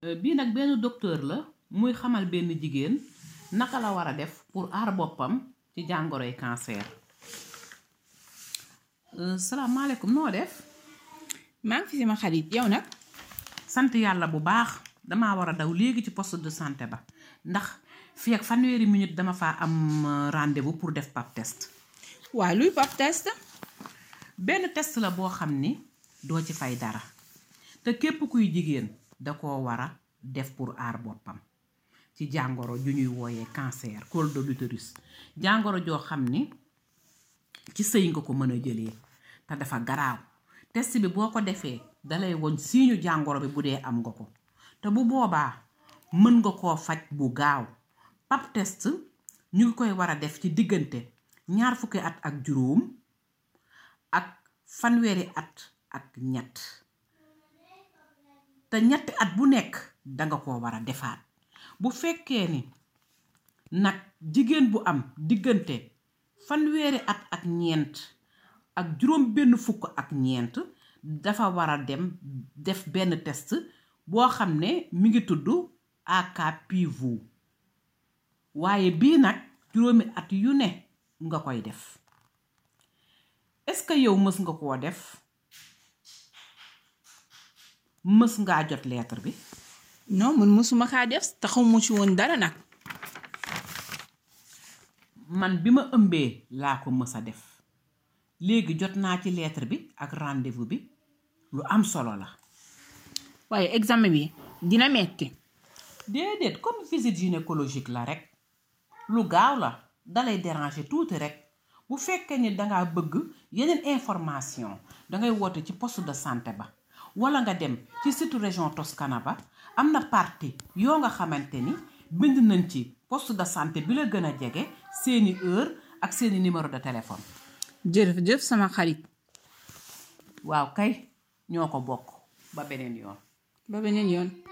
Euh, bii nag benn docteur la muy xamal benn jigéen naka la war a def pour aar boppam ci jàngoroy cancer. Euh, salaamaaleykum noo def. maa ngi fi sama xarit yow nag. sant yàlla bu baax dama war a daw léegi ci post de santé ba ndax fii ak fanweeri minute dama fa am euh, rendez-vous pour def pap test. waaw luy pap test. benn test la boo xam ni doo ci fay dara te képp kuy jigéen. da ko war a def pour aar boppam ci jàngoro ju ñuy wooyee cancer col de l'utérus jàngoro joo xam ni ci sëy nga ko mën a jëlee te dafa garaaw test bi boo ko defee dalay woon siiñu jàngoro bi bu dee am nga ko te bu boobaa mën nga koo faj bu gaaw pap test ñu ngi koy war a def ci diggante ñaar fukki at ak juróom ak fanweeri at ak ñett te ñetti at bu nekk danga ko war a defaat bu fekkee ni nag jigéen bu am diggante fanweeri at ak ñeent ak juróom benn fukk ak ñeent dafa war a dem def benn test boo xam ne mi ngi tudd AKPV waaye bii nag juróomi at yu ne nga koy def est-ce que yow mës nga koo def mës ngaa jot lettre bi. non mësuma kaa def taxu ma ci woon dara nag. man bi ma ëmbee laa ko mës a def léegi jot naa ci lettre bi ak rendez bi lu am solo la. waaye examen bi dina metti. déedéet comme visite gynécologique la rek lu gaaw la dalay déranger tuuti rek bu fekkee ni dangaa bëgg yeneen information dangay woote ci post de santé ba. wala nga dem ci situ région Toscana ba am na parti yoo nga xamante ni bind nañ ci post de santé bi la gën a jege seeni heure ak seeni numéro de téléphone. jërëjëf sama xarit. waaw kay ñoo ko bokk ba beneen yoon. ba beneen yoon.